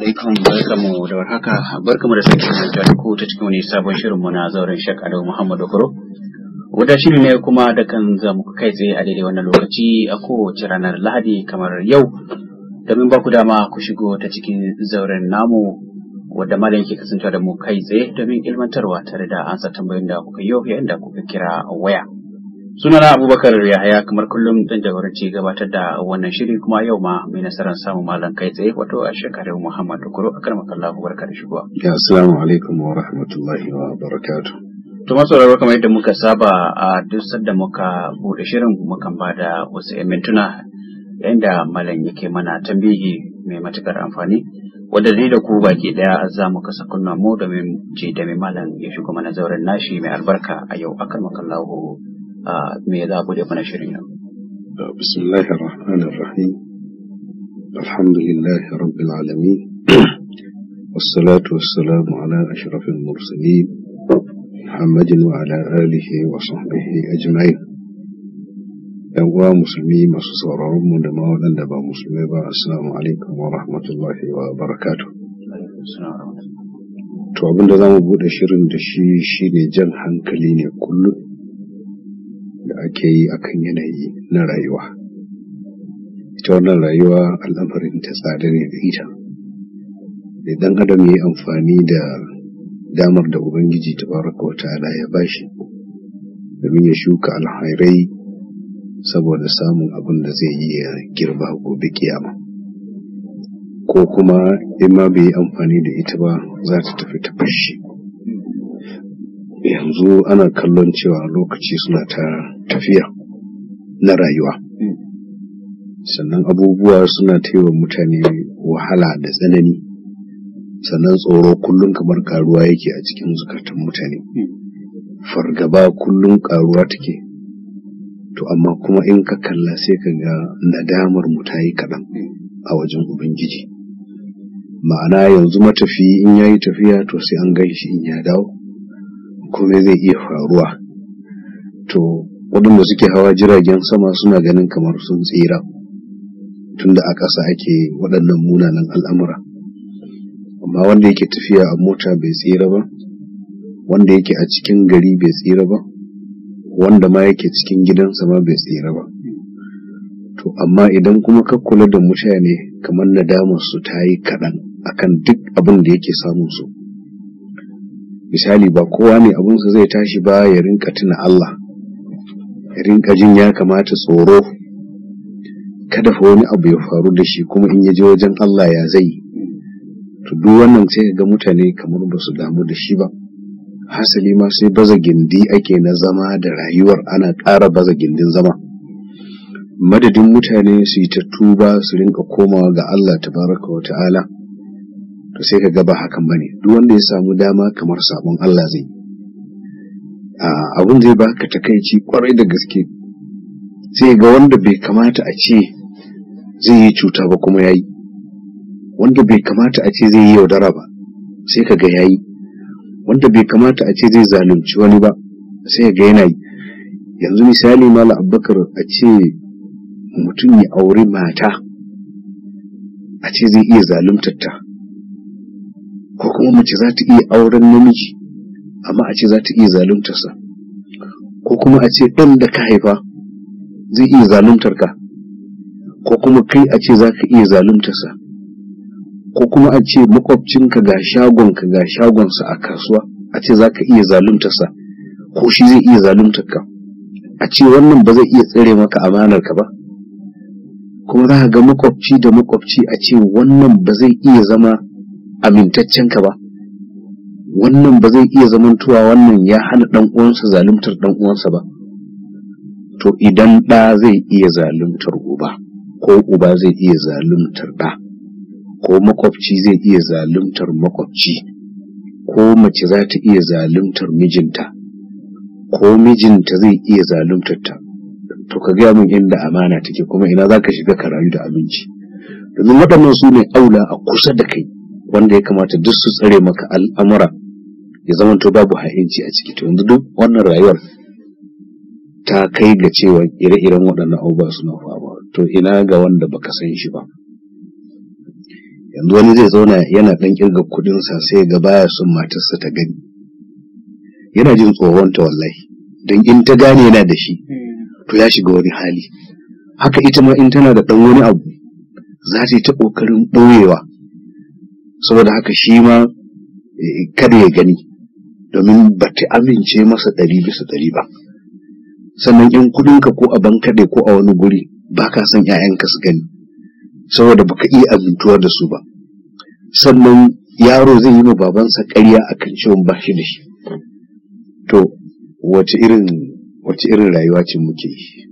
Alaikum barkamu da warhaka barkamu da sake saduwa da ku ta cikin wani sabon shirinmu na zauren Sheikh Adamu Muhammad Okoro. Wata shiri ne kuma da kan zamu kai tsaye a daidai wannan lokaci a kowace ranar Lahadi kamar yau. Domin ba ku dama ku shigo ta cikin zauren namu wadda malam yake kasancewa da mu kai tsaye domin ilmantarwa tare da ansa tambayoyin da kuka yi yayin da kuka kira waya. Sunana Abubakar Yahaya kamar kullum dan jagoranci gabatar da wannan shiri kuma yau ma mai nasarar samun malam kai tsaye wato a shekarun Muhammad Kuro a makalla Allah barka da shigowa. Ya assalamu alaikum wa rahmatullahi wa barakatuh. To masauraro kamar yadda muka saba a duk da muka bude shirin mukan ba da wasu mintuna Yadda malam yake mana tambihi mai matukar amfani wanda ni da ku baki daya za mu kasa kunna mu domin da mai malam ya shigo mana zauren nashi mai albarka a yau akan makallahu me za ku mana shirin yau bismillahir rahmanir rahim alhamdulillahi rabbil alamin wassalatu wassalamu ala ashrafil mursalin muhammadin wa ala alihi wa sahbihi ajma'in yan uwa musulmi masu sauraron mu da ma waɗanda ba musulmi ba assalamu alaikum wa rahmatullahi wa barakatuh to abin da zamu buɗe shirin da shi shine jan hankali ne kullum da ake yi a kan yanayi na rayuwa ita wannan rayuwa al'amarin ta tsada ne da ita idan adam ya yi amfani da damar da ubangiji ta baraka wata ala ya bashi domin ya shuka alhairai saboda samun abin da zai yi ya girba gobe kiyama ko kuma in ma bai yi amfani da ita ba za ta tafi ta fashi yanzu ana kallon cewa lokaci suna ta tafiya na rayuwa hmm. sannan abubuwa suna taiwa mutane wahala da tsanani sannan tsoro kullum kamar karuwa yake a cikin zukatan mutane hmm. fargaba kullum karuwa take to amma kuma in ka kalla sai ka ga nadamar mu ta yi kaɗan hmm. a wajen ubangiji ma'ana yanzu matafi in ya yi tafiya to sai an gan shi in ya dawo komai zai iya faruwa to waɗanda suke hawa jiragen sama suna ganin kamar sun tsira tunda a ƙasa ake waɗannan munanan al'amura amma wanda yake tafiya a mota bai tsira ba wanda yake a cikin gari bai tsira ba wanda ma yake cikin gidansa ma bai tsira ba to amma idan kuma ka kula da mutane kamar nadamar su ta yi kaɗan akan duk abin da yake samun su misali ba kowa ne abunsa zai tashi ba ya rinka tuna Allah ya rinka jin ya kamata tsoro kada fa wani abu ya faru da shi kuma in ya je wajen Allah ya zai to duk wannan sai ga mutane kamar ba su damu da shi ba hasali ma sai baza gindi ake na zama da rayuwar ana ƙara baza gindin zama madadin mutane su yi ta su rinka komawa ga Allah tabaraka wa ta'ala to sai ka gaba hakan bane duk wanda ya samu dama kamar sabon Allah zai abun zai baka takaici kwarai da gaske sai ga wanda bai kamata a ce zai yi cuta ba kuma yayi wanda bai kamata a ce zai yi yaudara ba sai ka ga yayi wanda bai kamata a ce zai zalunci wani ba sai ga yana yi yanzu misali mala abubakar a ce mutum ya auri mata a ce zai iya zalumtar ta ko kuma mace za ta iya auren namiji amma a ce za ta iya zaluntarsa ko kuma a ce ɗan da ka haifa zai iya zaluntar ka ko kuma kai a ce za ka iya zaluntarsa ko kuma a ce makwabcinka ga shagonka ga shagonsa a kasuwa a ce za ka iya zaluntarsa ko shi zai iya zaluntar ka a ce wannan ba zai iya tsare maka amanarka ba kuma za ka ga makwabci da makwabci a ce wannan ba zai iya zama amintaccen ka ba wannan ba zai iya zamantuwa wannan ya hana ɗan uwansa zaluntar ɗan uwansa ba to idan ɗa zai iya zaluntar uba ko uba zai iya zaluntar da ko makwabci zai iya zaluntar makwabci ko mace za ta iya zaluntar mijinta ko mijinta zai iya zaluntar ta to ka gaya min inda amana take kuma ina za ka shiga ka rayu da aminci domin waɗannan su ne aula a kusa da kai wanda ya kamata duk su tsare maka al'amura ya zama to babu ha'inci a ciki to yanzu duk wannan rayuwar ta kai ga cewa ire-iren waɗannan abubuwa suna faruwa to ina ga wanda baka san shi ba yanzu wani zai zauna yana ɗan kirga kuɗinsa sai ga baya son matarsa ta gani yana jin tsohon ta wallahi don in ta gane yana da shi hmm. to ya shiga wani hali haka ita ma in tana da ɗan wani abu za ta yi ta ƙoƙarin ɓoyewa saboda haka shi ma eh, kada ya gani domin ba ta amince masa ɗari bisa ɗari ba sannan in kudinka ko a bankaɗe ko a wani guri ba ka san 'ya'yanka su gani saboda baka iya amintuwa da su ba sannan yaro zai yi ma babansa ƙarya kan cewa ba shi da shi to wace irin wace irin rayuwa ce muke yi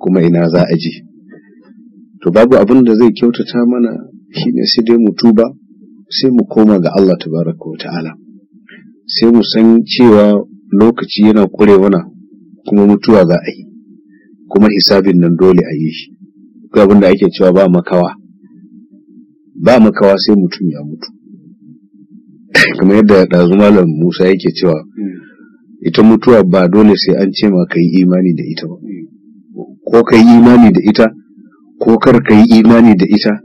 kuma ina za a je to babu abin da zai kyautata mana shine sai dai mu tuba sai mu koma ga Allah tabaraka wa ta'ala sai mu san cewa lokaci yana kurewana kuma mutuwa za a yi kuma hisabin nan dole a yi shi ga abin da ake cewa ba makawa ba makawa sai mutum ya mutu Kuma yadda ɗazu malam musa yake cewa ita mutuwa ba dole sai an ce ma ka yi imani da ita ba ko ka yi imani da ita ko kar ka yi imani da ita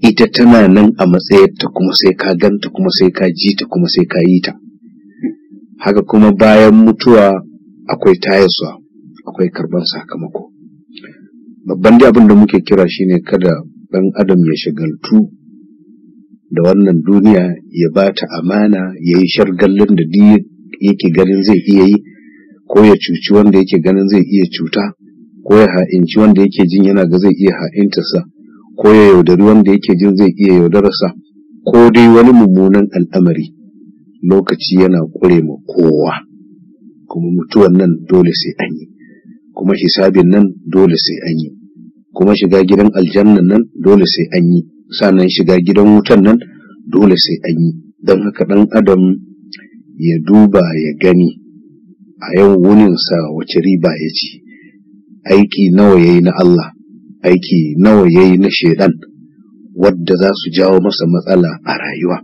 ita tana nan a matsayar ta kuma sai ka ganta kuma sai ka ji ta kuma sai ka yi ta haka kuma bayan mutuwa akwai tayaswa akwai karban sakamako babban da abin da muke kira shine kada ɗan adam ya shagaltu da wannan duniya ya ba ta amana ya yi shargallin da duk yake ganin zai iya yi ko ya cuci wanda yake ganin zai iya cuta ko ya ha'inci wanda yake jin yana ga zai iya ha'intarsa ko ya yaudari wanda yake jin zai iya yaudararsa ko dai wani mummunan al'amari lokaci yana kure ma kowa kuma mutuwan nan dole sai an yi kuma hisabin nan dole sai an yi kuma shiga gidan aljannan nan dole sai an yi sannan shiga gidan wutan nan dole sai an yi don haka 'dan adam ya duba ya gani a yau wuninsa wace riba ya ci aiki nawa ya yi na Allah aiki nawa ya yi na shaidan wadda za su jawo masa matsala a rayuwa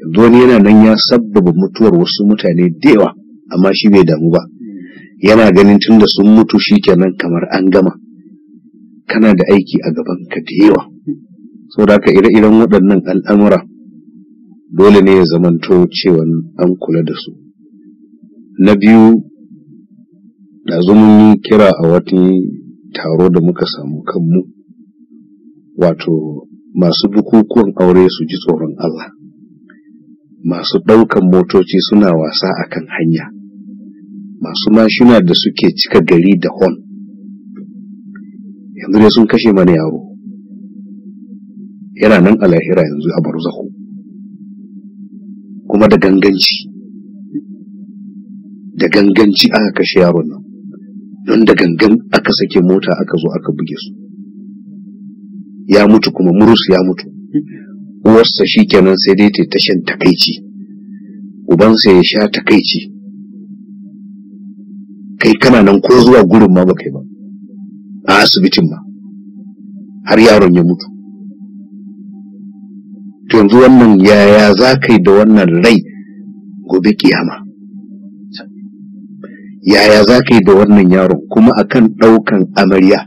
yanzu wani yana nan ya sabbaba mutuwar wasu mutane da yawa amma shi bai damu ba yana ganin tun da sun mutu shi nan kamar an gama kana da aiki a gaban ka da yawa saboda haka ire-iren waɗannan al'amura dole ne ya zamanto cewa an kula da su na biyu da mun yi kira a wata taro da muka samu kanmu wato masu bukukuwan aure su ji tsoron Allah masu ɗaukan motoci suna wasa a kan hanya masu mashina da suke cika gari da hon yanzu dai sun kashe mana yaro yana nan a lahira yanzu a barzahu kuma da ganganci da ganganci aka kashe yaron nan don da gangan aka sake mota aka zo aka buge su ya mutu kuma murus ya mutu uwarsa shi kenan sai dai ta tashin takaici ubansa ya sha takaici kai kana nan ko zuwa gurin ma baka yi ba a asibitin ma har yaron ya mutu to yanzu wannan yaya za ka da wannan rai gobe kiyama yaya za ka yi da wannan yaron kuma akan ɗaukan amarya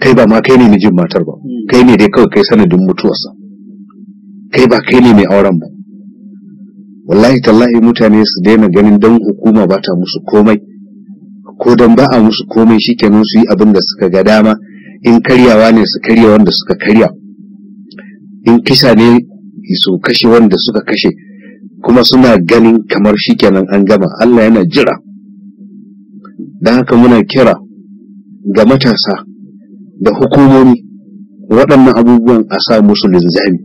kai ba ma kai ne mijin matar ba hmm. kai ne dai kawai kai sanadin mutuwarsa kai ba kai ne mai auren ba wallahi tallahi mutane su daina ganin dan hukuma ba ta musu komai ko dan ba a musu komai shikenan su yi abin da suka ga dama in karyawa ne su karya wanda suka karya in kisa ne su kashe wanda suka kashe kuma suna ganin kamar shikenan an gama Allah yana jira don haka muna kira ga matasa da hukumomi waɗannan abubuwan a sa musu linzami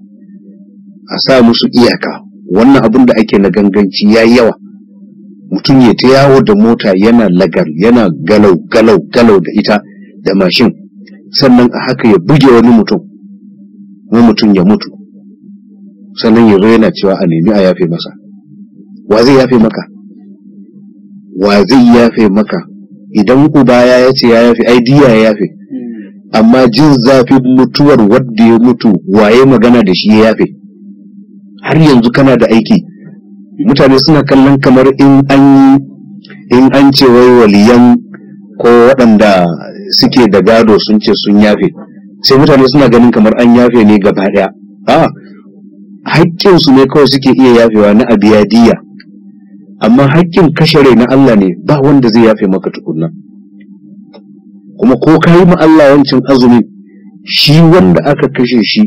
a sa musu iyaka wannan abin da ake na ganganci ya yi yawa mutum ya ta yawo da mota yana lagar yana galau galau galau da ita da mashin sannan a haka ya buge wani mutum mai mutum ya mutu sannan ya zo yana cewa a nemi a yafe masa wa zai yafe maka wa zai yafe maka idan uba ya ce ya yafe ai diya ya yafe amma jin zafin mutuwar wadda ya mutu waye magana da shi ya yafe har yanzu kana da aiki mutane suna kallon kamar in an in an ce wai waliyan ko waɗanda suke da gado sun ce sun yafe sai mutane suna ganin kamar an yafe ne gaba ɗaya haƙƙinsu ne kawai suke iya yafewa na abiyadiyya amma haƙƙin kashe rai na Allah ne ba wanda zai yafe maka tukunna kuma ko ka yi Allah wancin azumi shi wanda aka kashe shi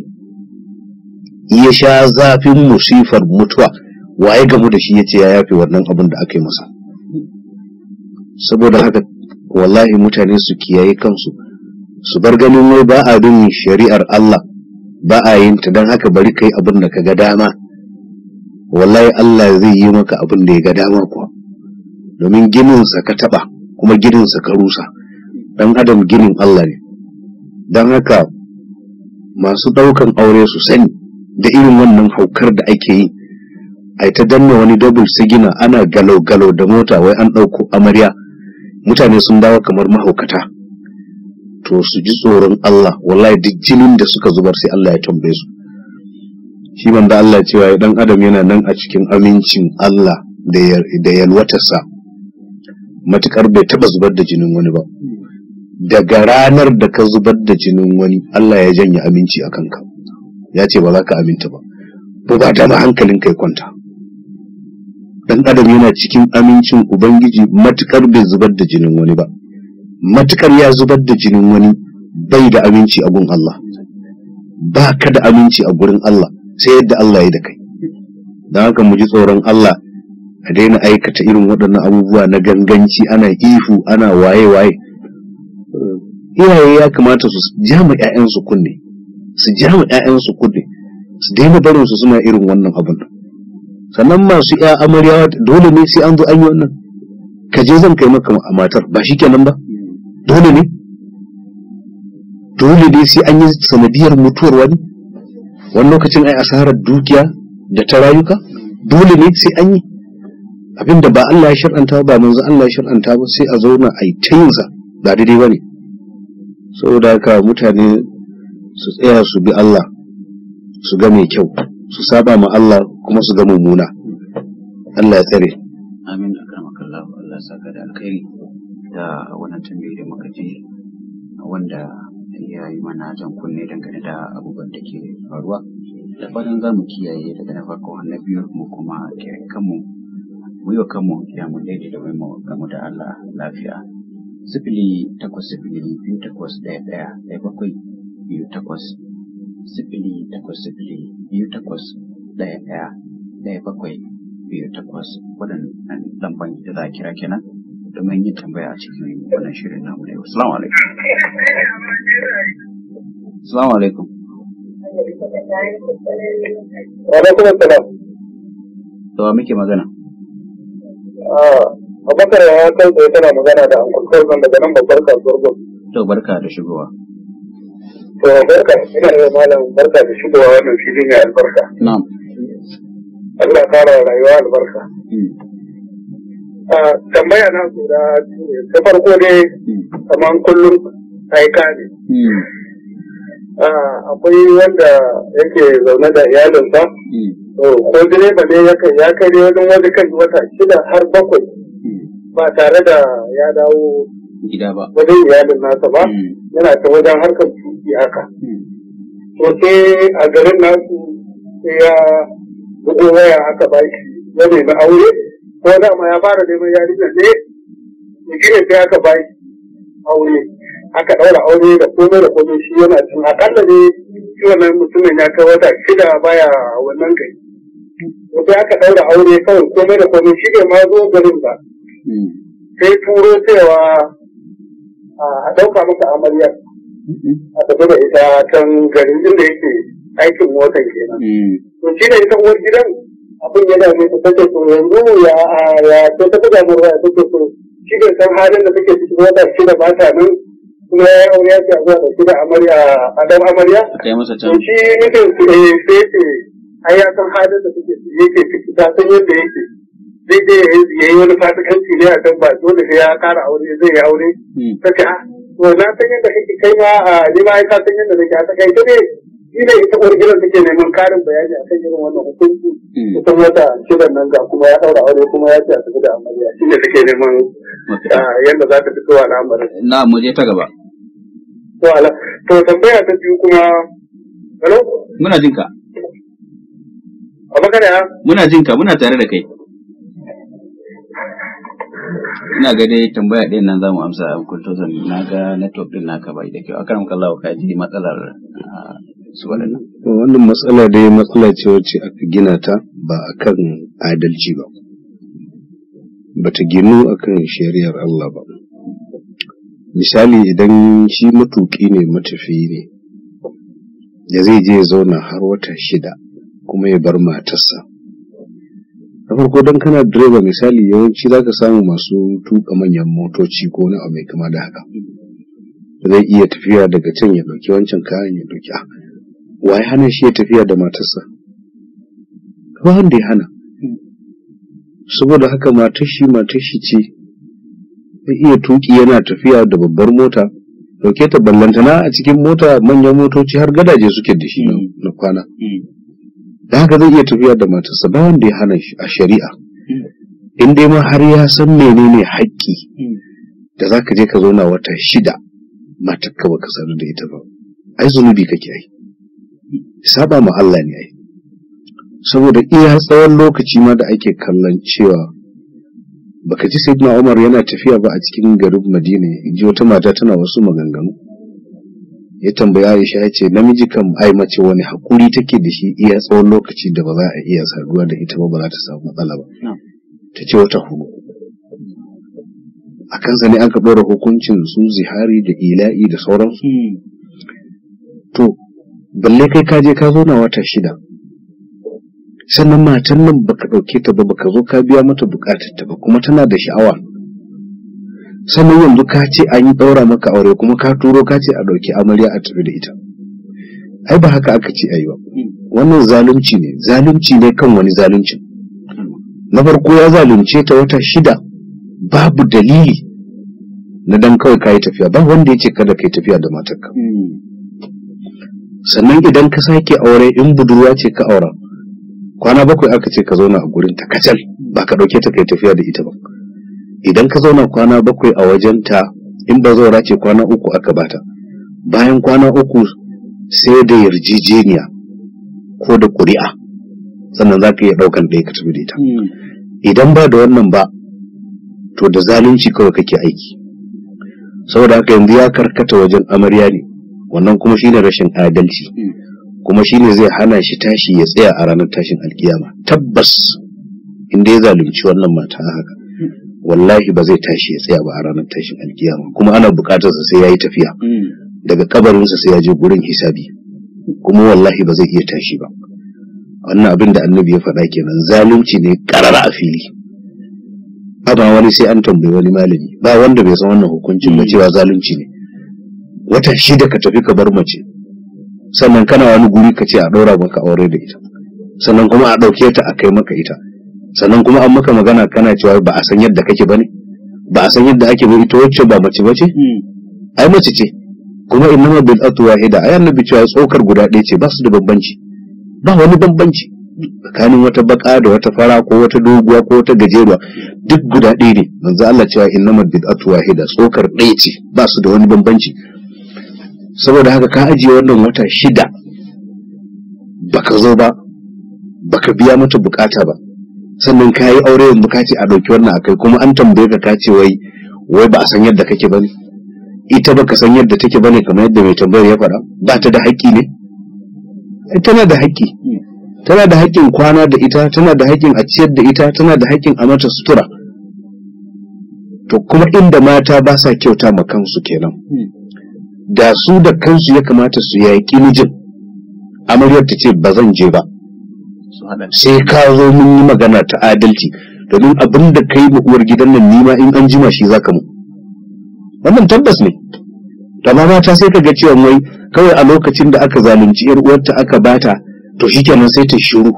ya sha zafin musifar mutuwa waye gamu da shi ya ce ya yafe wannan abin da aka yi masa saboda haka wallahi mutane su kiyaye kansu su bar ganin wai ba a bin shari'ar Allah ba a yin ta don haka bari kai abin da ka ga dama wallahi Allah zai yi maka abin da ya ga dama kuwa domin gininsa ka taɓa kuma gininsa ka rusa dan adam ginin Allah ne don haka masu ɗaukan aure su sani da irin wannan haukar da ake yi a ta danna wani dabul sigina ana galo-galo da mota wai an ɗauko amarya mutane sun dawo kamar mahaukata to su ji tsoron Allah wallahi duk jinin da suka zubar sai Allah ya tambaye su shi banda Allah cewa dan adam yana nan a cikin amincin Allah da yalwatarsa matukar bai taba zubar da jinin wani ba daga ranar da ka zubar da jinin wani Allah ya janye aminci a kanka ya ce ba za ka aminta ba ba ba ta hankalin kai kwanta dan adam yana cikin amincin ubangiji matukar bai zubar da jinin wani ba matukar ya zubar da jinin wani bai da aminci a gun Allah ba ka da aminci a gurin Allah sai yadda Allah ya da kai don haka mu ji tsoron Allah a daina aikata irin waɗannan abubuwa na ganganci ana ihu ana waye-waye iyaye ya kamata su jama 'ya'yansu kunne su jama 'ya'yansu kunne su daina barin su suna irin wannan abin sannan masu ya amaryawa dole ne sai an zo an yi wannan ka je zan kai maka matar ba shi kenan ba dole ne dole ne sai an yi sanadiyar mutuwar wani wani lokacin ai asarar dukiya da ta rayuka dole ne sai an yi abinda ba Allah ya shar'anta ba manzo Allah ya shar'anta ba sai a zauna a yi ta yinsa ba daidai ba ne saboda haka mutane su tsaya su bi Allah su ga mai kyau su saba ma Allah kuma su ga mummuna Allah ya tsare amin akramakallahu Allah saka da alkhairi da wannan tambayi da muka ji wanda ya yi mana jan kunne dangane da abubuwan da ke faruwa da fatan za mu kiyaye daga na farko na biyu mu kuma kiyaye kanmu mu yi kanmu ya mu daidai da mu gamu da Allah lafiya sifili takwas sifili biyu takwas ɗaya ɗaya ɗaya bakwai biyu takwas sifili takwas sifili biyu takwas ɗaya ɗaya ɗaya bakwai biyu takwas waɗannan lamban da za a kira kenan domin yin tambaya a cikin wannan shirin namu da yau. Salamu alaikum. Salamu alaikum. Alaikum salam. Da wa muke magana? Ah, Abubakar ya kai tsaye tana magana da Uncle Coleman daga nan babbar kasuwar Gwam. To barka da shigowa. To barka, ina yi malam barka da shigowa wannan filin ya albarka. Na'am. Allah kara rayuwa albarka. Mm. tambaya na guda ta farko ne kamar kullum aika ne akwai wanda yake zaune da iyalinsa hmm. ko direba ne ya kai ya kai ne wajen wani kan wata shida har bakwai hmm. ba tare da ya dawo wajen iyalin nasa ba hmm. yana ta wajen harkar cuki haka to sai a garin nasu sai ya bugo waya aka baki ya na aure ko dama ya fara neman yarinya ne da gina sai aka bai aure aka ɗaura aure da komai da komai shi yana cin akalla ne shi wannan mutumin ya kai wata shida baya wannan gari. sai aka ɗaura aure kawai komai da komai shi ne ma zo garin ba hmm. sai turo cewa a ɗauka masa amarya hmm. a tafi da ita can garin inda yake aikin motan kenan hmm. to shi ne ita uwar gidan abin yana mai ta take to yanzu ya ya to ta buga mu ya take to shi ke san halin da take ciki wata shi da mata nan kuma ya aure ya ce zuwa da shi da amarya a dan amarya kai masa can shi yake eh sai ce ai ya san halin da take ciki yake ciki ta san yadda yake zai je ya yi wani fasikanci ne a kan ba dole sai ya kara aure zai yi aure hmm. ta ce a ah, to na san yadda kake kai ma ah, ni ma ka san yadda nake a ta ne shi ne ita ƙwargirar take neman karin bayani a kan irin wannan hukunci hmm. kusan wata shidan nan ga kuma ya ɗaura aure kuma ya ce a tafi da amarya shi ne take neman ah, yadda za ta fito al'amarin. na mu je ta gaba. to tambaya ta biyu kuma hello. muna jin ka. a magana muna jin ka muna tare da kai. ina ga dai tambaya ɗin nan za mu amsa a na ga network ɗin naka bai da kyau a karan kallawa ka ji matsalar ah, wannan matsala dai matsala ce wacce aka gina ta ba akan adalci ba bata ginu akan shari'ar Allah ba misali idan shi matuƙi ne matafi ne Ya zai je ya zauna har wata shida kuma ya bar matarsa na farko don kana direba misali yawanci za ka samu masu tuka manyan motoci ko na abu mai kama da haka zai iya tafiya daga can ya ɗauki wancan kayan ya ɗauki ah, waye hana shi ya tafiya da matarsa ba wanda ya hana saboda haka matar shi ce zai iya tuki yana tafiya da babbar mota dauke ta ballantana a cikin mota manyan motoci har gadaje suke da shi na kwana da haka zai iya tafiya da matarsa ba wanda ya hana shi a shari'a in dai ma har ya san menene haƙƙi da za ka je ka zauna wata shida matakka baka sanar da ita ba ai zunubi kake ai saba ma Allah ne ai saboda iya tsawon lokaci ma da ake kallon cewa baka ji sayyidina Umar yana tafiya ba a cikin garin Madina ji wata mata tana wasu maganganu ya tambayi Aisha ya ce namiji kan ai mace wani hakuri take da shi iya tsawon lokaci da ba za a iya saduwa da ita ba ba za ta samu matsala ba ta ce wata hudu a kansa ne aka ɗora hukuncin su zihari da ila'i da sauransu hmm. to balle kai ka je ka zo na wata shida sannan matan nan baka ɗauke ta ba baka zo ka biya mata buƙatar ta ba kuma tana da sha'awa sannan yanzu ka ce an yi ɗaura maka aure kuma ka turo ka ce a ɗauki amarya a tafi da ita ai ba haka aka ce ayi ba wannan zalunci ne zalunci ne kan wani zalunci na farko ya zalunce ta wata shida babu dalili na dan kawai ka yi tafiya ba wanda ya ce kada yi tafiya da matarka hmm. sannan idan ka sake aure in budurwa ce ka aura kwana bakwai aka ce ka zauna a gurin ta kacal ba ka dauke ta kai tafiya da ita ba idan ka zauna kwana bakwai a wajen ta in ba zaura ce kwana uku aka bata bayan kwana uku sai da yarjejeniya ko da ƙuri'a sannan za ka iya ɗaukan ɗaya ka tafi da ita hmm. idan ba da wannan ba to da zalunci kawai kake aiki saboda haka yanzu ya karkata wajen amarya ne wannan kuma shine rashin adalci kuma shine zai hana shi tashi ya tsaya a ranar tashin alkiyama tabbas inda ya zalunci wannan mata haka wallahi ba zai tashi ya tsaya ba a ranar tashin alkiyama kuma ana bukatar sa sai yayi tafiya daga kabarinsa sai ya je gurin hisabi kuma wallahi ba zai iya tashi ba wannan abin da annabi ya faɗa kenan zalunci ne karara a fili ba wani sai an tambayi wani malami ba wanda bai san wannan hukuncin ba hmm. cewa zalunci ne wata shida ka tafi ka bar mace sannan kana wani guri ka ce a ɗora maka aure da ita sannan kuma a ɗauke ta a kai maka ita sannan kuma an maka magana kana cewa ba a san yadda kake ba ne ba a san yadda ake ba ita wacce ba mace ba ce hmm. ai mace ce kuma ma bil atu wahida ai annabi cewa tsokar guda ɗaya ce ba su da bambanci ba wani bambanci tsakanin wata baka da wata fara ko wata doguwa ko wata gajeruwa duk guda ɗaya ne manzo Allah cewa ma bil atu wahida tsokar ɗaya ce ba su da wani bambanci saboda haka ka ajiye wannan wata shida baka zo ba baka biya mata bukata ba sannan ka yi aure yanzu ka ce a ɗauki wannan akai kuma an tambaye ka ka ce wai wai ba a san yadda kake ba ne ita baka san yadda take ba ne kamar yadda mai tambayar ya faɗa ba ta da haƙƙi ne eh, tana da haƙƙi tana da haƙƙin kwana da ita tana da haƙƙin a ciyar da ita tana da haƙƙin a mata sutura to kuma inda mata ba sa kyauta ma kansu kenan hmm. da su da kansu ya kamata su yaƙi mijin amaryar ta ce ba zan je ba sai ka zo mun yi magana ta adalci domin abin da kai uwar gidan nan nima in an jima shi zaka mu wannan tabbas ne amma mata sai ka ga cewa wai kawai a lokacin da aka zalunci yar uwarta aka bata to shikenan sai ta shiru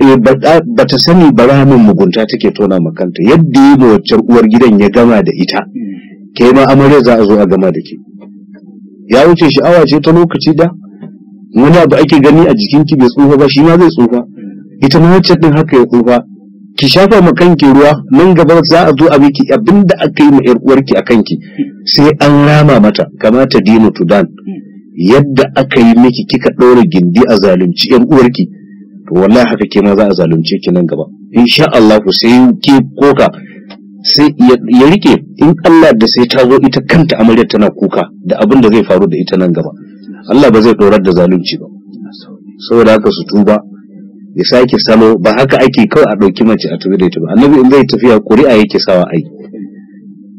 eh, ba ta sani ba ramin mugunta take tona makanta yadda yi wacce uwar gidan ya gama da ita hmm. ke ma amarya za a zo a gama da ke ya wuce sha'awa ce ta lokaci da wani abu ake gani a jikinki bai tsufa ba shi ma zai tsufa ita ma wacce din haka ya tsufa ki shafa ma kanki ruwa nan gaba za a zo a miki abinda aka yi ma yar uwarki a kanki sai an rama mata kamata Dino tudan yadda aka yi miki kika ɗora gindi a zalunci yan uwarki to wallahi haka ke ma za a zalunce ki nan gaba insha Allah ku sai ki koka sai ya rike in Allah da sai ta zo ita kanta amaryar tana kuka da abin da zai faru da ita nan gaba Allah ba zai dorar da zalunci ba saboda haka su tuba ya sake salo ba haka ake kawai a ɗauki mace a tafi da ita ba annabi in zai tafiya ƙuri'a yake sawa ai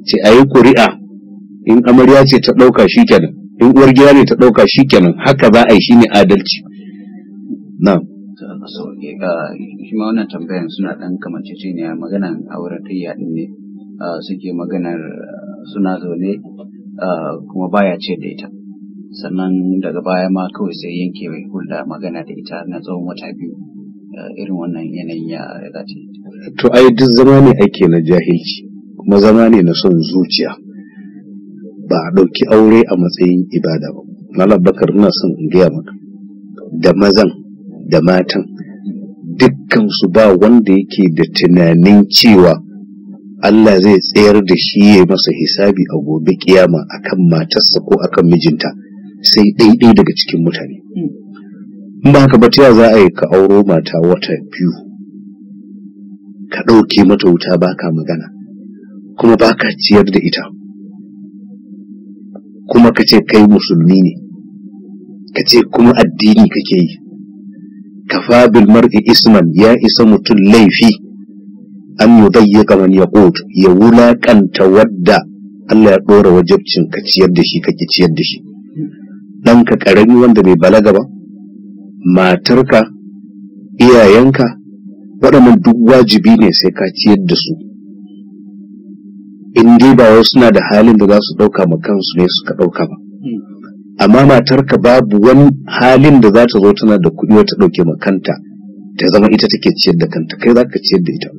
ce a yi ƙuri'a in amarya ce ta ɗauka shi in uwar gida ne ta ɗauka shi haka za a yi shine adalci na'am shi ma wannan tambayan suna ɗan kamanceceniya maganan auren tayya ɗin ne suke maganar suna zaune kuma baya ce da ita sannan daga baya ma kawai sai yanke mai hulɗa magana da ita na tsawon wata biyu irin wannan yanayin ya riga ce. To ai duk zama ne ake na jahilci kuma zama ne na son zuciya ba a ɗauki aure a matsayin ibada ba. Malam Bakar ina son in gaya maka da mazan da matan dukkansu ba wanda yake da tunanin cewa Allah zai tsayar da shi ya masa hisabi a gobe kiyama akan matarsa ko akan mijinta sai ɗaiɗai daga cikin mutane. ba ka za a yi ka auro mata wata biyu ka ɗauke mata wuta baka magana kuma baka ciyar da ita kuma ka ce kai musulmi ne ka ce kuma addini kake yi kafa bil mar'i isman ya isa mutum laifi an yudayyaka man yaqut ya wulakanta wadda Allah ya dora wajibcin ka ciyar da shi ka ki ciyar da shi Dan ka ƙarami wanda bai balaga ba matarka iyayenka waɗannan duk wajibi ne sai ka ciyar da su in dai ba wasu na da halin da za su ɗauka ma kansu ne suka ɗauka ba hmm. amma matarka babu wani halin da za ta zo tana da kuɗi wata ɗauke ma kanta ta zama ita take ciyar da kanta kai za ka ciyar da ita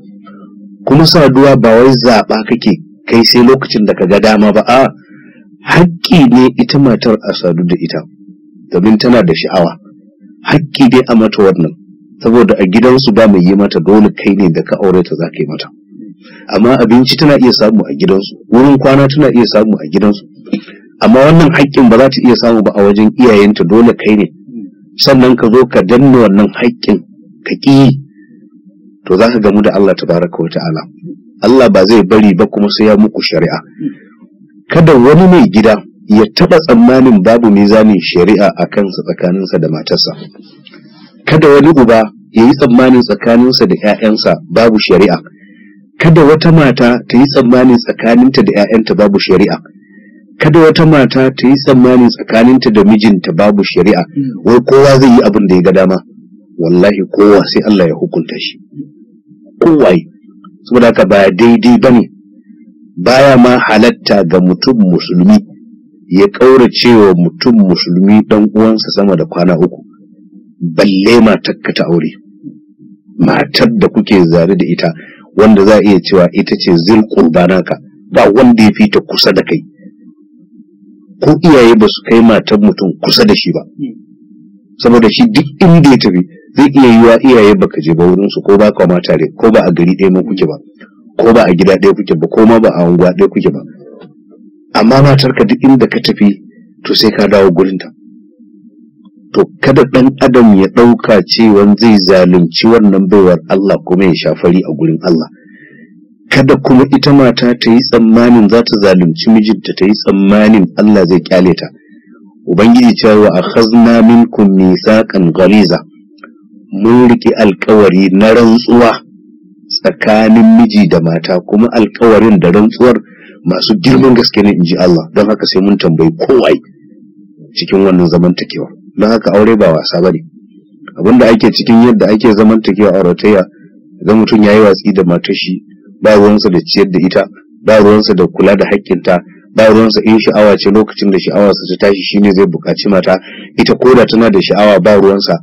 kuma saduwa ba wai zaɓa kake kai sai lokacin da ka ga dama ba a haƙƙi ne ita matar a sadu da ita domin tana da sha'awa haƙƙi dai a mata wannan saboda a gidansu ba mai yi mata dole kai ne da ka aure ta za ka yi mata amma abinci tana iya samu a gidansu wurin kwana tana iya samu a gidansu amma wannan haƙƙin ba za ta iya samu ba a wajen iyayenta dole kai ne sannan ka zo ka danna wannan haƙƙin ka ƙi to za ka gamu da Allah tabaraka wa ta'ala Allah ba zai bari ba kuma sai ya muku shari'a kada wani mai gida ya taba tsammanin babu mizanin shari'a a kansa tsakaninsa da matarsa kada wani uba ya yi tsammanin tsakaninsa da 'ya'yansa babu shari'a kada wata mata ta yi tsammanin tsakaninta da 'ya'yanta babu shari'a kada wata mata ta yi tsammanin tsakaninta da mijinta babu shari'a hmm. wai kowa zai yi abin da ya ga dama wallahi kowa sai Allah ya hukunta shi kowa saboda haka ba daidai ba ne. baya ma halatta ga mutum musulmi ya ƙaurace cewa mutum musulmi dan uwansa sama da kwana uku balle matarka ta aure matar da kuke zare da ita wanda za a iya cewa ita ce zil naka ba wanda ya fita kusa da kai ko iyaye ba su kai matan mutum kusa da shi ba saboda shi duk inda ya tafi zai iya yiwa iyaye baka je ba wurin su ko ba ka ma tare ko ba a gari ɗaya ma kuke ba ko ba a gida ɗaya kuke ba ko ma ba a unguwa ɗaya kuke ba amma ka duk inda ka tafi to sai ka dawo gurin ta to kada ɗan adam ya ɗauka cewa zai zalunci wannan baiwar Allah kuma ya sha fari a gurin Allah kada kuma ita mata ta yi tsammanin za ta zalunci mijinta ta yi tsammanin Allah zai kyale ta ubangiji cewa a akhazna minkum mithaqan ghaliza mun riki alkawari na rantsuwa tsakanin miji da mata kuma alkawarin da rantsuwar masu girman gaske ne inji Allah don haka sai mun tambayi kowai cikin wannan zamantakewa don haka aure ba wasa bane abinda ake cikin yadda ake zamantakewa rotaya idan mutum yayi watsi da matar shi ba ruwansa da ciyar da ita ba ruwansa da kula da haƙƙinta ba ruwansa in sha'awa ce lokacin da sha'awarsa ta tashi shine zai buƙaci mata ita koda tana da sha'awa ba ruwansa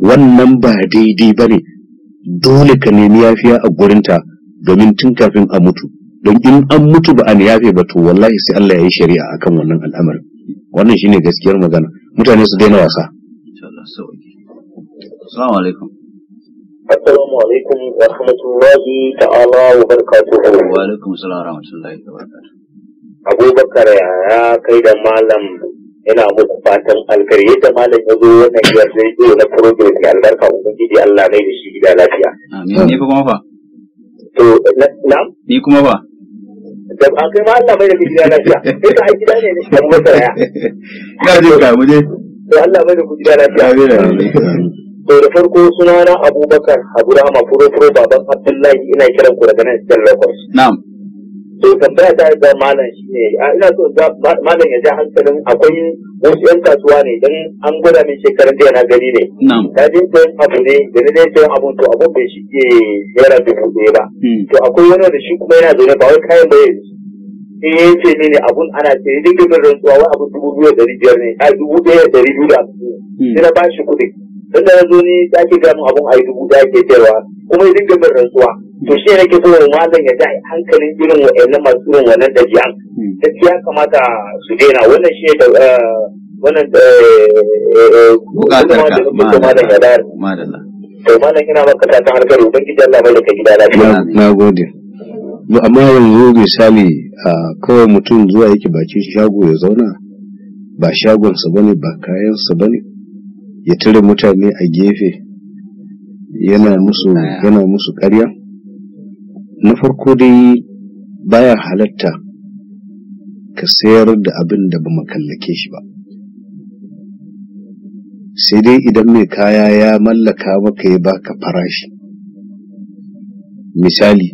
wannan ba daidai ba ne dole ka nemi yafiya a gurinta domin tun kafin a mutu don in an mutu ba an yafe ba to wallahi sai Allah ya yi shari'a akan wannan al'amarin wannan shine gaskiyar magana mutane su daina wasa Assalamu alaikum السلام عليكم ورحمة الله تعالى وبركاته وعليكم السلام ورحمة الله وبركاته أبو بكر يا كيد مالم ina muku fatan alkhairi yadda malam ya zo wannan yarjejo na program ya albarka ubangiji Allah ne da shi gida lafiya amin ni kuma fa to na ni kuma fa da ba kai ma Allah bai da gida lafiya sai ka gida ne ne da mu masara ya ga je ka mu je to Allah bai da gida lafiya amin Sau da farko suna na abubakar abdurrahman furo furo baban abdullahi ina kiran ku daga nan jihar lagos na'am to tambaya ta yadda malam shi a ina so malam ya ja hankalin akwai wasu yan kasuwa ne don an gwada min shekarun da yana gani ne ta jin sayan abu ne da ne sayan abun to abun bai ke yara dubu ɗaya ba hmm. to akwai wani da shi kuma yana zaune ba wai kayan ba in ya ce ni ne abun ana ce ni dinga min rantsuwa wai abun dubu biyu da ɗari biyar ne a dubu ɗaya da ɗari biyu da hamsin hmm. sai na ba shi kuɗi dan da zo ni ta ke gamin abun ai dubu da ke cewa kuma ya dinga bin rantsuwa to shi ne ke so mu malam ya dai hankalin irin wa'annan masu irin wannan dabi'an gaskiya kamata su daina wannan shi da eh, wannan eh, eh, bukatar ka madalla to malam ina maka fatan harkar ubangiji Allah mai da ka gida lafiya na gode amma yanzu misali kawai mutum zuwa yake bakin shago ya zauna ba shagonsa bane ba kayansa bane ya tare mutane a gefe yana musu yana musu ƙarya na farko dai baya halatta ka sayar da abin da ba makallake shi ba sai dai idan mai kaya ya mallaka maka ya baka farashi misali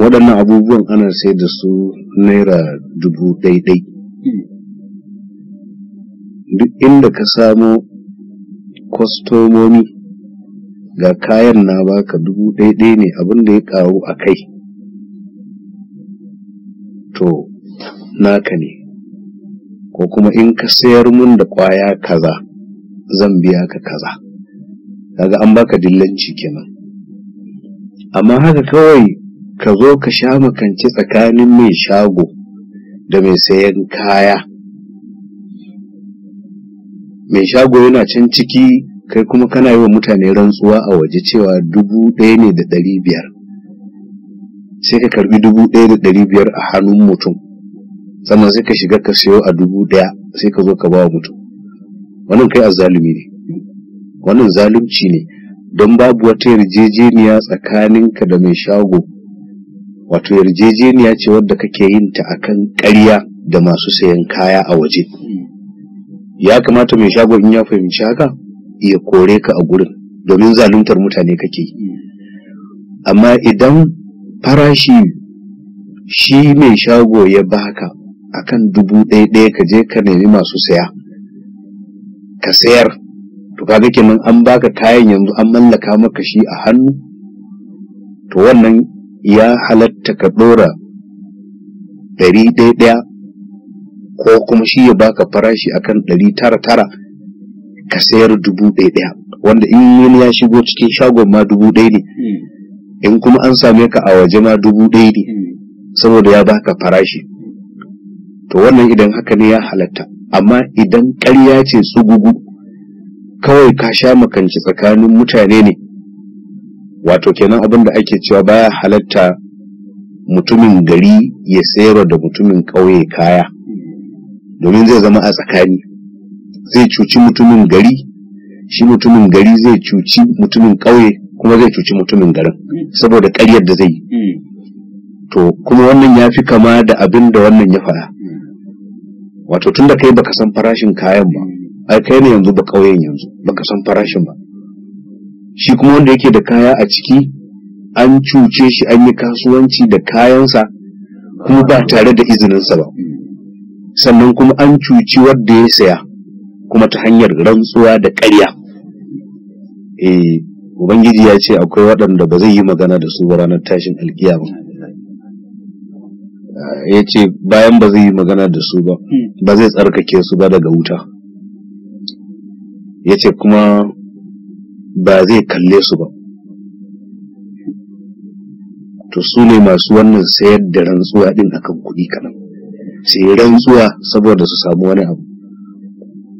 waɗannan abubuwan ana sai da su naira dubu ɗaiɗai hmm. duk inda ka samo kwastomomi ga kayan na baka dubu ɗaya ne abin da ya ƙaru a kai to naka ne ko kuma in ka sayar mun da ƙwaya kaza zan biya ka kaza kaga an baka dillanci kenan amma haka kawai ka zo ka sha makanci tsakanin mai shago da mai sayan kaya mai shago yana can ciki kai kuma kana yi wa mutane rantsuwa a waje cewa dubu ɗaya ne da ɗari biyar sai ka karbi dubu ɗaya da ɗari biyar a hannun mutum sannan sai ka shiga ka siyo a dubu ɗaya sai ka zo ka ba wa mutum wannan kai azzalumi ne wannan zalunci ne don babu wata yarjejeniya tsakaninka da mai shago wato yarjejeniya ce wadda kake yin ta akan ƙarya da masu sayan kaya a waje ya kamata mai shago in ya fahimci haka ya kore ka a gurin domin zaluntar mutane kake yi amma idan farashi shi mai shago ya baka akan dubu ɗaya ɗaya ka je ka nemi masu saya ka sayar to kaga kenan an baka kayan yanzu an mallaka maka shi a hannu to wannan ya halatta ka ɗora ɗari ɗaya ɗaya ko kuma shi ya baka farashi akan ɗari tara tara ka sayar dubu ɗaya ɗaya wanda in wani ya shigo cikin shagon ma dubu ɗaya ne in kuma an same ka a waje ma dubu ɗaya ne saboda ya baka farashi to wannan idan haka ne ya halatta amma idan ƙarya ce tsugugu kawai ka sha makanci tsakanin mutane ne wato kenan abin da ake cewa baya halatta mutumin gari ya sayarwa da mutumin ƙauye kaya domin zai zama a tsakani zai cuci mutumin gari shi mutumin gari zai cuci mutumin ƙauye kuma zai cuci mutumin garin saboda ƙaryar da zai yi to kuma wannan ya fi kama da abin da wannan ya faɗa wato tun da kai baka san farashin kayan ba ai kai ne yanzu ba ƙauyen yanzu baka san farashin ba shi kuma wanda yake da kaya a ciki an cuce shi an yi kasuwanci da kayansa kuma ba tare da izininsa ba sannan kuma an cuci wadda ya saya kuma ta hanyar rantsuwa da ƙarya eh ubangiji ya ce akwai waɗanda ba zai yi magana da su ba ranar tashin alkiyama ya ce bayan ba zai yi magana da su ba ba zai tsarkake su ba daga wuta ya ce kuma ba zai kalle su ba to su ne masu wannan sayar da rantsuwa din akan kuɗi kanan tseren zuwa rantsuwa saboda su samu wani abu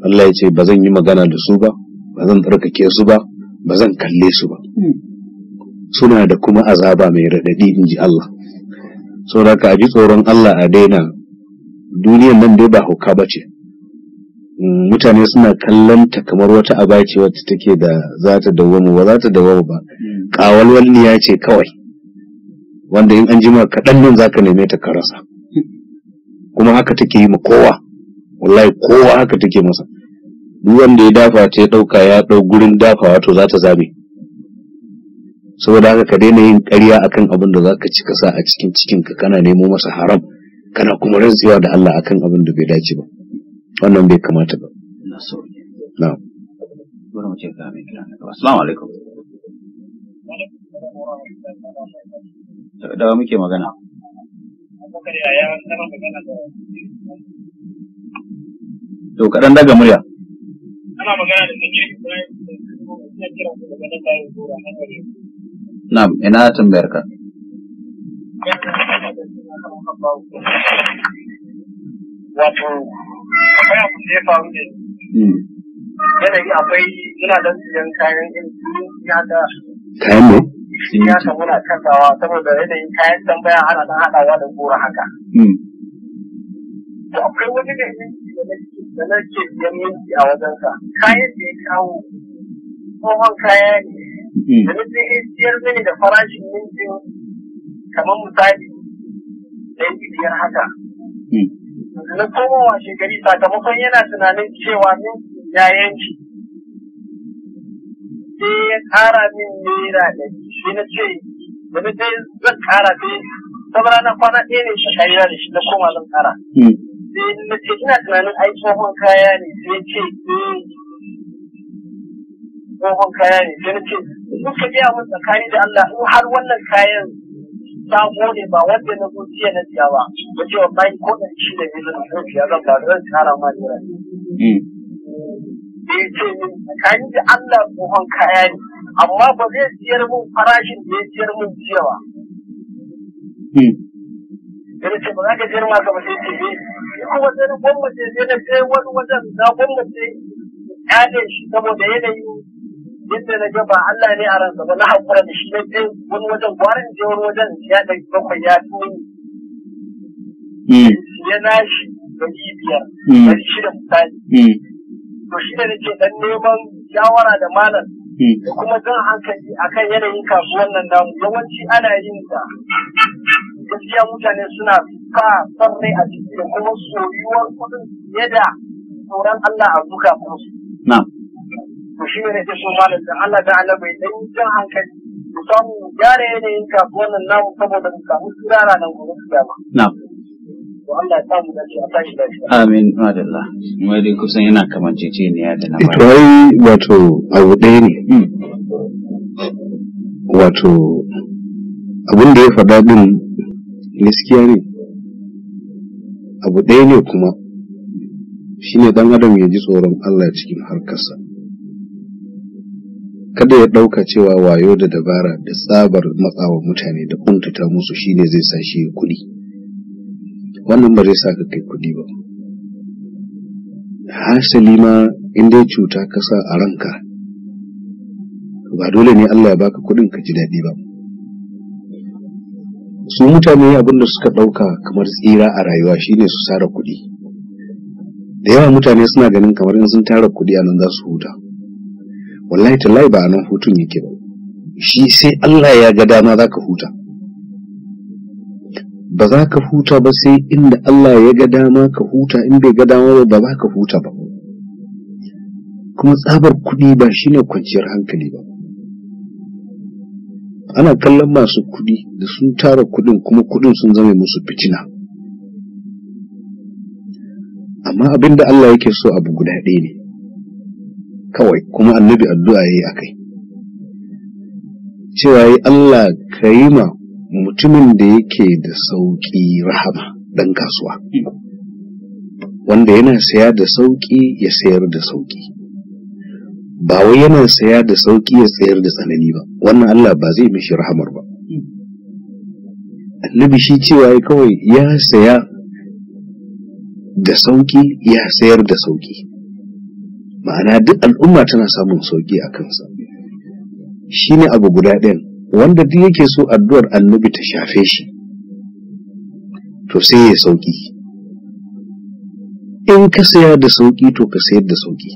Allah ya ce ba zan yi magana da su ba ba zan tsarkake su ba ba zan kalle su ba hmm. suna da kuma azaba mai raɗaɗi in ji Allah saboda ka ji tsoron Allah a daina duniyan nan dai ba hauka ba ce mutane suna kallon ta kamar wata abaci ce wacce take da za ta dawwama ba za ta dawwama ba hmm. ya ce kawai wanda in an jima kaɗan nan za ka neme ta ka rasa kuma haka take yi ma kowa wallahi kowa haka take masa duk wanda ya dafa ta ya dauka ya dau gurin dafawa to za ta zabe saboda haka ka daina yin ƙarya akan abin da zaka ci sa a cikin cikin ka kana nemo masa haram kana kuma rantsewa da Allah akan abin da bai dace ba wannan bai kamata ba na'am assalamu alaikum da muke magana karya ya magana da to kaɗan daga murya ana magana da ya kira ku daga nan bayan na'am ina tambayar ka wato akwai da ya faru ne hmm. yanayi akwai siyan kayan irin ya da kayan ne shi ya kan muna canzawa saboda yanayin kayan tambaya ana dan haɗawa da gora haka. Hmm. To akwai wani da da na ke biyan minti a sa. kayan da ya kawo tsohon kaya ne hmm. da na je siyar mini da farashin minti kamar misali ɗari biyar haka. Hmm. Na komowa shekari sakamakon yana tunanin cewa minti ya yanki. sai ya kara min naira ɗari sai na ce da na ce zan kara sai saboda na kwana ɗaya ne ta kariya da shi na koma zan kara hmm. sai na ce ina tunanin ai tsohon kaya ne sai ya ce eh, tsohon kaya ne sai na ce in ka biya mun tsakani da Allah in har wannan kayan sabo ne ba wanda na zo jiya na siya ba wace wa bayan ko ɗari shi da ne zan siya zan ba zan kara ma naira. Yace ce min kani da Allah tsohon kaya ne amma ba zai siyar min farashin da ya siyar min jiya ba. Hmm. Sai ce ba za ka siyar masa ba sai ce ne. Kuma sai na gwammace sai na sai wani wajen na ƙyale shi saboda yanayin yadda na ga ba Allah ne a ransa ba na haƙura da shi na je wani wajen gwarin je wani wajen ya ɗauki bakwai ya fi hmm. Ya nashi da biyar, da hmm. shida misali. to shi ne nake dan neman shawara da malam hmm. da kuma zan hankali akan yanayin kasuwan nan namu yawanci ana yin sa gaskiya mutane suna sa son rai a ciki da kuma soyuwar kudin fiye da tsoron Allah a zuka musu. To shi ne nake so malam da Allah da Allah bai dan jan hankali mu samu gyara yanayin kasuwan nan namu saboda mu samu turara nan gobe su dama. Amin, madalla. Mai dai kusan yana ne ya da na wato abu ɗaya ne. Hmm. Wato abin da ya faɗa ɗin gaskiya ne. Abu ɗaya ne kuma shi ne ɗan adam ya ji tsoron Allah cikin harkarsa. Kada ya ɗauka cewa wayo da dabara da tsabar matsawa mutane da ƙuntata musu shi ne zai sa shi kuɗi. wannan ba zai sa ka kai kuɗi ba hasali ma in dai cuta ka sa a ranka ba dole ne Allah ya baka kuɗin ka ji daɗi ba su mutane abin da suka ɗauka kamar tsira a rayuwa shine su sara kuɗi da yawa mutane suna ganin kamar in sun tara kuɗi a nan za su huta wallahi tallahi ba a nan hutun yake ba shi sai Allah ya ga dama za ka huta ba za ka huta ba sai inda Allah ya ga dama ka huta in bai ga dama ba ba ka huta ba kuma tsabar kuɗi ba shi ne kwanciyar hankali ba ana kallon masu kuɗi da sun tara kuɗin kuma kuɗin sun zama musu fitina amma abinda Allah yake so abu guda ɗaya ne kawai kuma annabi addu'a yayi akai cewa yi Allah ka yi ma mutumin da yake da sauƙi rahama ɗan kasuwa wanda yana saya da sauƙi ya sayar da sauƙi ba wai yana saya da sauƙi ya sayar da tsanani ba wannan Allah ba zai mishi rahamar ba annabi shi cewa kawai ya saya da sauƙi ya sayar da sauƙi ma'ana duk al'umma tana samun sauƙi a kansa shi ne abu guda ɗayan wanda duk yake so addu'ar annabi ta shafe shi to sai ya sauki in ka saya da sauki to ka sayar da sauki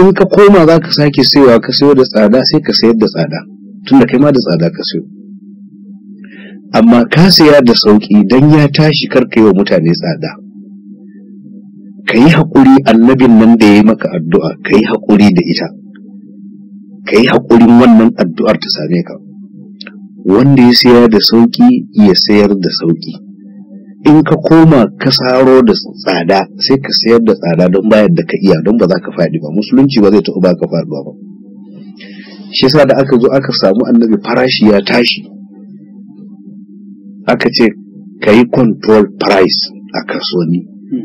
in ka koma za ka sake sayowa ka sayo da tsada sai ka sayar da tsada tunda kai ma da tsada ka sayo amma ka saya da sauki dan ya tashi karka yi wa mutane tsada ka yi haƙuri annabin nan da ya yi maka addu'a ka yi haƙuri da ita ka yi haƙurin wannan addu'ar ta same ka wanda ya sayar da sauƙi ya sayar da sauƙi in ka koma ka saro da tsada sai ka sayar da tsada don bayar da ka iya don ba za ka faɗi ba musulunci ba zai taɓa ba ka faɗi ba shi yasa da aka zo aka samu annabi farashi ya tashi aka ce ka yi control price a kasuwanni hmm.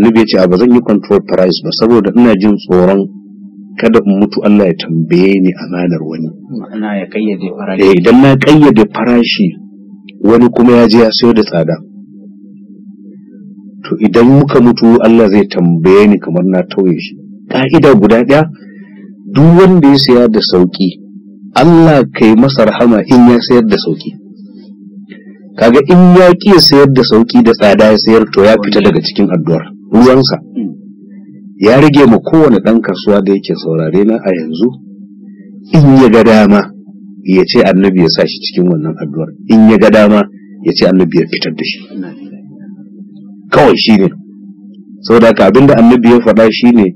annabi ya ce a ba zan yi control price ba saboda ina jin tsoron kada in mutu Allah ya tambaye ni amanar wani ma'ana ya kayyade farashi eh idan na kayyade farashi wani kuma ya je ya sayo da tsada to idan muka mutu Allah zai tambaye ni kamar na tauye shi ka'ida guda ɗaya duk wanda ya sayar da sauki Allah kai masa rahama in ya sayar da sauki kaga in ya ki sayar da sauki da tsada ya sayar to ya fita daga cikin addu'ar ruwansa hmm. ya rage ma kowane ɗan kasuwa da yake saurare na a yanzu in ya ga dama ya ce annabi ya sa shi cikin wannan addu'ar in ya ga dama ya ce annabi ya fitar da shi kawai shi ne saboda haka abinda annabi ya faɗa shi ne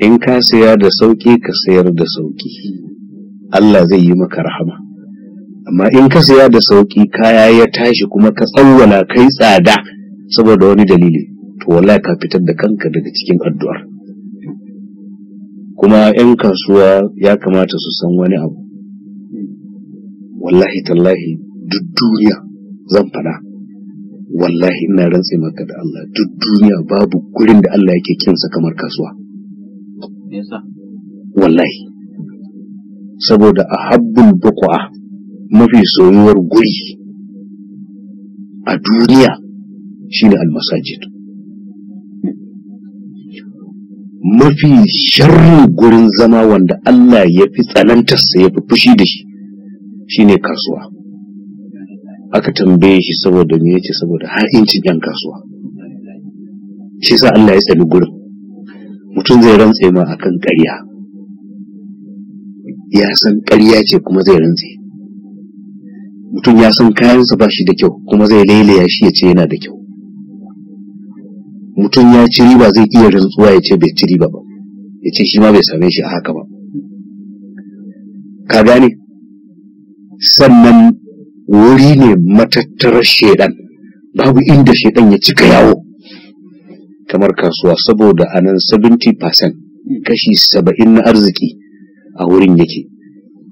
in ka saya da sauƙi ka sayar da sauƙi Allah zai yi maka rahama amma in ka saya da sauƙi kaya ya tashi kuma ka tsawwala kai tsada saboda wani dalili to wallahi ka fitar da kanka daga cikin addu'ar kuma 'yan kasuwa ya kamata su san wani abu wallahi tallahi duk duniya zan faɗa wallahi ina rantse maka da Allah duk duniya babu gurin da Allah yake kinsa kamar kasuwa wallahi saboda a habbul buqa mafi soyuwar guri a duniya shine almasajid mafi sharri gurin zama wanda Allah ya fi sa ya fi fushi da shi shine kasuwa aka tambaye shi saboda me yace saboda har incin yan kasuwa shi sa Allah ya tsani gurin mutum zai rantse ma akan ƙarya ya san ƙarya ce kuma zai rantse mutum ya san kayansa ba shi da kyau kuma zai lailaya shi ya ce yana da kyau mutum ya ci riba zai iya rantsuwa ya ce bai ci riba ba ya ce shi ma bai same shi a haka ba ka gane sannan wuri ne matattarar shaidan babu inda shaidan ya cika yawo kamar kasuwa saboda a nan 70% kashi 70 na arziki a wurin yake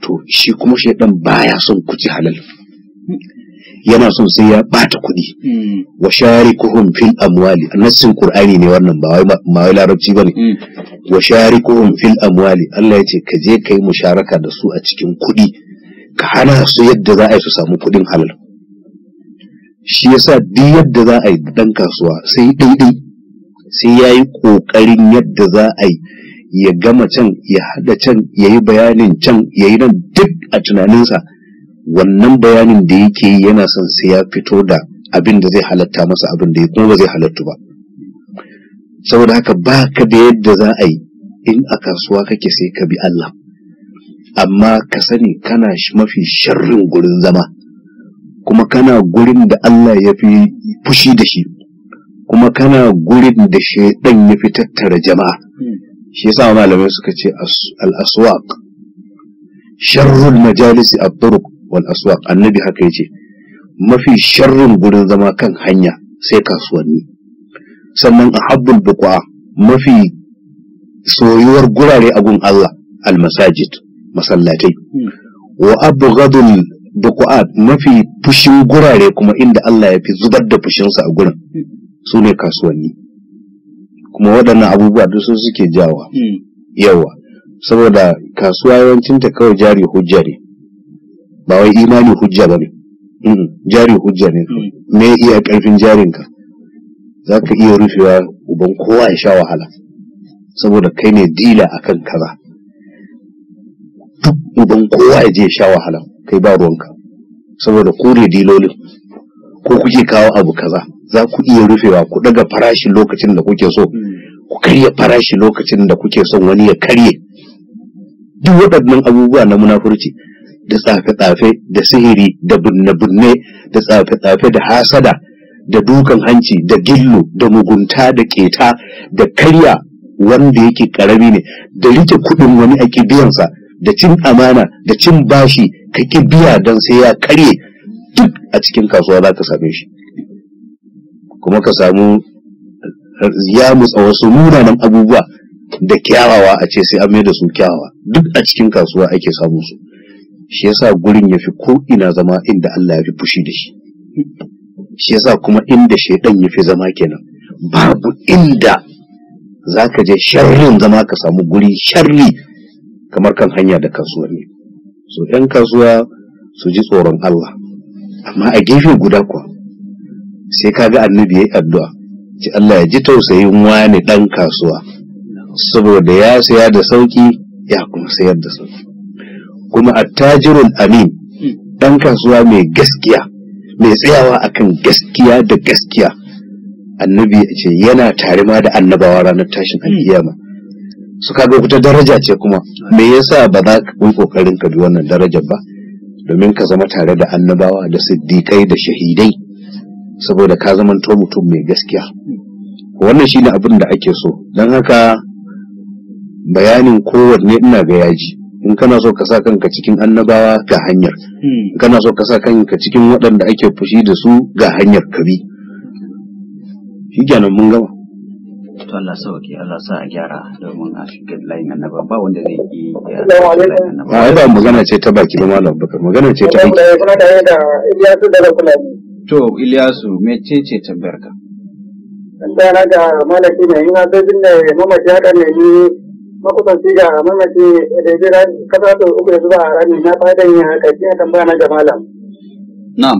to shi kuma shaidan baya son ku ci halal yana son sai ya bata kuɗi hmm. wa sharikuhum fil amwali nassin qur'ani ne wannan ba wai ba wai larabci bane hmm. wa sharikuhum fil amwali Allah ya ce ka je kai musharaka da su a cikin kuɗi ka hana su yadda za a yi su samu kuɗin halal shi yasa duk yadda za a yi dan kasuwa sai daidai sai ya yi ƙoƙarin yadda za a yi ya gama can ya hada can ya yi bayanin can ya yi nan duk a tunaninsa wannan bayanin da yake yi yana son sai ya fito da abin da zai halatta masa abin da ya kuma ba zai halattu ba saboda haka ba ka da yadda za a yi in a kasuwa kake sai ka bi Allah amma ka sani kana mafi sharrin gurin zama kuma kana gurin da Allah ya fi fushi da shi kuma kana gurin da shaidan ya fi tattara jama'a shi yasa malamai suka ce al-aswaq sharrul majalisi ad-duruk wal aswaq annabi haka yace mafi sharrin gurin zama kan hanya sai kasuwanni sannan ahabbul buqa mafi soyuwar gurare a gun Allah al masajid masallatai wa abghadul buqa'at mafi fushin gurare kuma inda Allah ya fi zubar da sa a gurin su ne kasuwanni kuma waɗannan abubuwa duk su suke jawa hmm. yawa saboda kasuwa yawancinta kawai jari hujja ne ba wai imani hujja ba ne jari hujja ne me iya karfin jarinka za ka iya rufewa uban kowa ya sha wahala saboda kai ne dila akan kaza duk uban kowa ya je ya sha wahala kai ba ruwanka saboda kure dilolin ko kuke kawo abu kaza za ku iya rufewa ku daga farashi lokacin da kuke so ku karya farashi lokacin da kuke son wani ya karye duk waɗannan abubuwa na munafurci da tsafe-tsafe da sihiri da binne-binne da tsafe-tsafe da hasada da dukan hanci da gillo da mugunta da keta da karya wanda yake karami ne da rike kudin wani a sa, da cin amana da cin bashi ka kibiya biya don sai ya karye duk a cikin kasuwa za ka same shi kuma ka samu ya musa wasu munanan abubuwa da kyawawa a ce sai an mai da su kyawawa duk a cikin kasuwa ake samun su shi yasa gurin ya fi ko ina zama inda Allah ya fi fushi da shi shi yasa kuma inda shaidan ya fi zama kenan babu inda za ka je sharrin zama ka samu guri sharri kamar kan hanya da kasuwanni so 'yan kasuwa su ji tsoron Allah amma a gefe guda kuwa sai kaga annabi ya yi addu'a ci Allah ya ji tausayin wani ɗan kasuwa saboda ya saya da sauki ya kuma sayar da sauki kuma attajirul amin dan hmm. kasuwa mai gaskiya mai tsayawa akan gaskiya da gaskiya annabi ya ce yana tare ma da annabawa ranar tashin hmm. alkiyama su kaga wata daraja ce kuma me yasa ba za ka yi kokarin ka bi wannan darajar ba domin ka zama tare da annabawa da siddiƙai da shahidai saboda ka zama to mutum mai gaskiya hmm. wannan shine abin da ake so dan haka bayanin kowanne ina ga yaji in kana so ka sa kanka cikin annabawa ga hanyar hmm. in kana so ka sa kanka cikin waɗanda ake fushi da su ga hanyar ka bi shi kenan mun gama to Allah sauke Allah sa a gyara domin a shiga layin annaba ba wanda zai yi a ba magana ce ta baki ba malam bakar magana ce ta baki to Ilyasu mecece tambayar ka na ga malaki ne ina sai binne mamaki haka ne ni makusanci ga mamaki eh, da jira kasa da uku da zuba a rami na fadan ya kaji a tambaya na jamala. Na'am.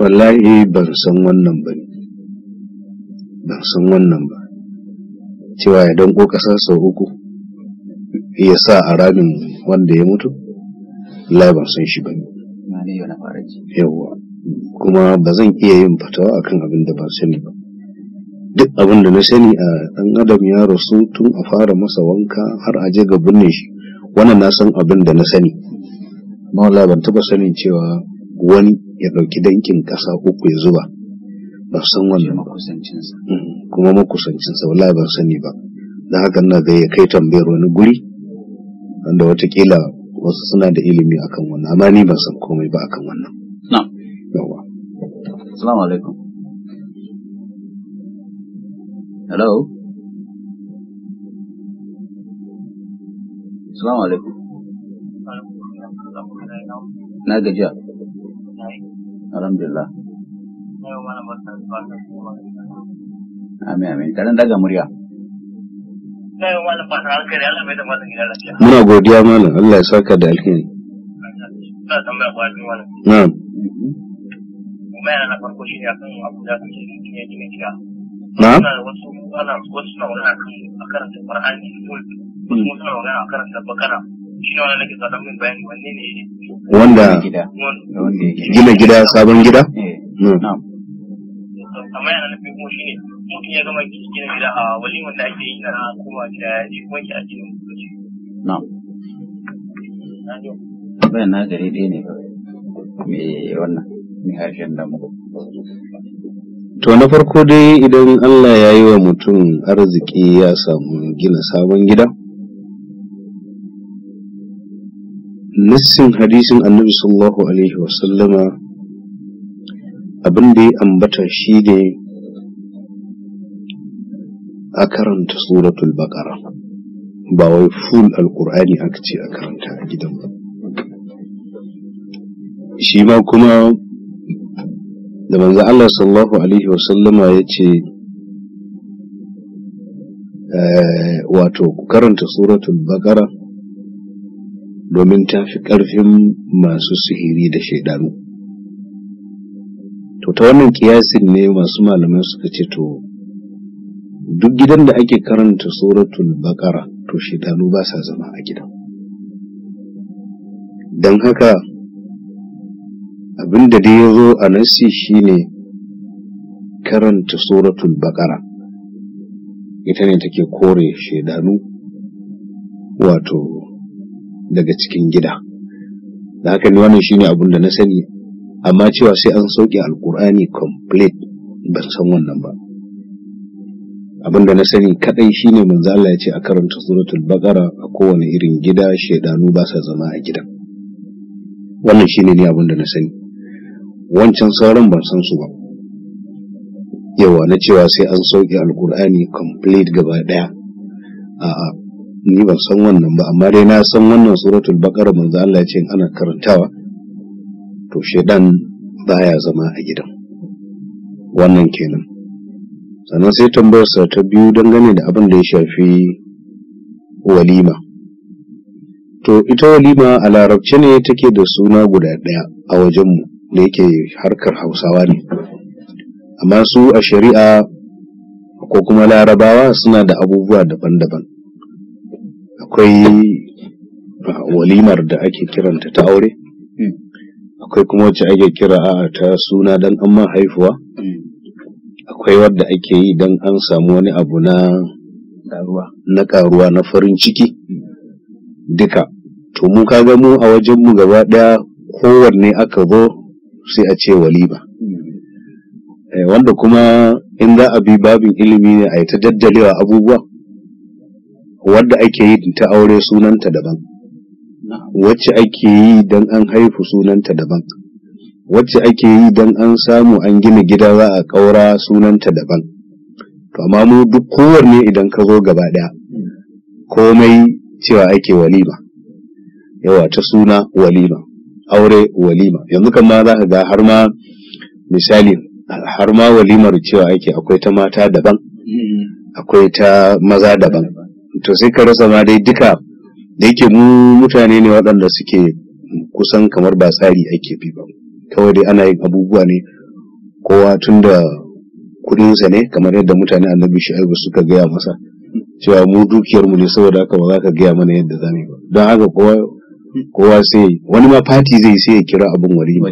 Wallahi ban san wannan ba ban san wannan ba cewa idan ko ƙasa sau uku ya sa a ramin wanda ya mutu lai ban san shi ba ne. yawwa kuma ba zan iya yin fatawa akan abin da ban sani ba duk abin da na sani a ɗan adam ya rasu tun a fara masa wanka har a je ga binne shi wannan na san abin da na sani maula ban taɓa sanin cewa wani ya ɗauki dankin ƙasa uku ya zuba ba san wannan mm-hmm. kuma makusancinsa wallahi ban sani ba Da haka na ga ya kai tambayar wani guri wanda watakila wasu suna da ilimi akan wannan amma ni ban san komai ba akan wannan na'am yawa assalamu alaikum Hello? Salamu alaikum. Na gajiya. Alhamdulillah. Amin amin. Karan daga murya. Muna godiya mana Allah ya saka da alheri. Kuma yana na farko shi ne akan abu da kake yi ne na wasu ana wasu suna wani akan a karanta qur'ani wasu wasu na wani a karanta bakara shi ne wani nake zaɗan min bayani wanne ne wanda gina gida sabon gida eh. amma yana nufin kuma shi ne mutum ya gama gina gida a waliman wanda ake yi na kuma gida ya ji kuma ki a cikin lokaci Na bayan na gari ɗaya ne mai wannan mai harshen damu To na farko dai idan Allah ya yi wa mutum arziki ya samu gina sabon gida. Nassin hadisin annabi sallallahu Alaihi wasallama abin da ya ambata shi ne a karanta suratul baqara ba wai full alkur'ani aka ce a karanta a gidan ba. Shi ma kuma da manzo Allah sallallahu alaihi ya ce eh, wato karanta suratul baqara domin ta fi ƙarfin masu sihiri da shaidanu to ta wannan kiyasin ne masu malamai suka ce to duk gidan da ake karanta suratul baqara to shaidanu ba sa zama a gidan don haka abinda dai ya zo a nasi shine karanta suratul baqara ita ne take kore shaidanu wato daga cikin gida da haka ne wannan shine abin da na sani amma cewa sai an sauke alkur'ani complete ban san wannan ba abin na sani kadai shine manzo Allah ya ce a karanta suratul baqara a kowane irin gida shaidanu ba sa zama a gidan wannan shine ne abin da na sani wancan sauran ban san su ba yawa na cewa sai an sauke alkur'ani complete gaba daya 'a ni ban san wannan ba amma dai na san wannan suratul baqara manzo Allah ya ce ana karantawa to shedan baya zama a gidan wannan kenan sannan sai tambayar sa ta biyu dangane da abin da ya shafi walima to ita walima a larabce ne take da suna guda ɗaya a wajenmu da yake harkar hausawa ne amma su a shari'a ko kuma larabawa suna da abubuwa daban-daban akwai ah, walimar da ake kiranta ta aure hmm. akwai kuma wacce ake kira a ah, ta suna dan an ma haifuwa hmm. akwai wadda ake yi dan an samu wani abu na na karuwa na farin ciki duka to mu ka ga mu a wajen mu gaba daya kowanne aka zo sai a ce waliba. Eh, wanda kuma in za a bi babin ilimi ne a yi ta daddalewa abubuwa wadda ake yi ta aure sunanta daban wacce ake yi don an haifu sunanta daban wacce ake yi don an samu an gina gida za a ƙaura sunanta daban to amma mu duk kowanne idan ka zo gaba ɗaya komai cewa ake walima yawa ta suna walima aure walima yanzu kan ma za ka ga har ma misali har ma walimar cewa ake akwai ta mata daban akwai ta maza daban to sai ka rasa ma dai duka da yake mu mutane ne waɗanda suke kusan kamar ba tsari ake bi ba kawai dai ana yin abubuwa ne kowa tun da kuɗinsa ne kamar yadda mutane annabi ba suka gaya masa cewa mu dukiyarmu ne saboda haka ba za ka gaya mana yadda za mu ba don haka kowa kowa sai wani ma fati zai sai ya kira abin walima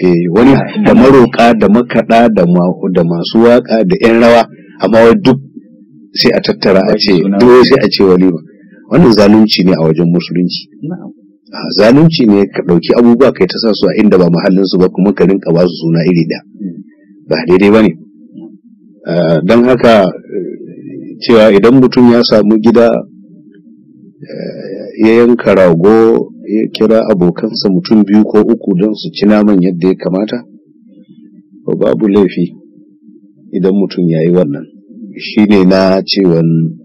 eh wani da maroka da makaɗa da masu waka da yan rawa amma duk sai a tattara a ce duk sai a ce walima wannan zalunci ne a wajen musulunci ah, zalunci ne ka ɗauki abubuwa kai ta sa su a inda ba muhallin su ba kuma ka rinka ba su suna iri da ba daidai ba ne ah, don haka eh, cewa idan mutum ya samu gida eh, ya yanka rago ya kira abokansa mutum biyu ko uku don su ci naman yadda ya kamata babu laifi idan mutum ya yi wannan shi ne na cewan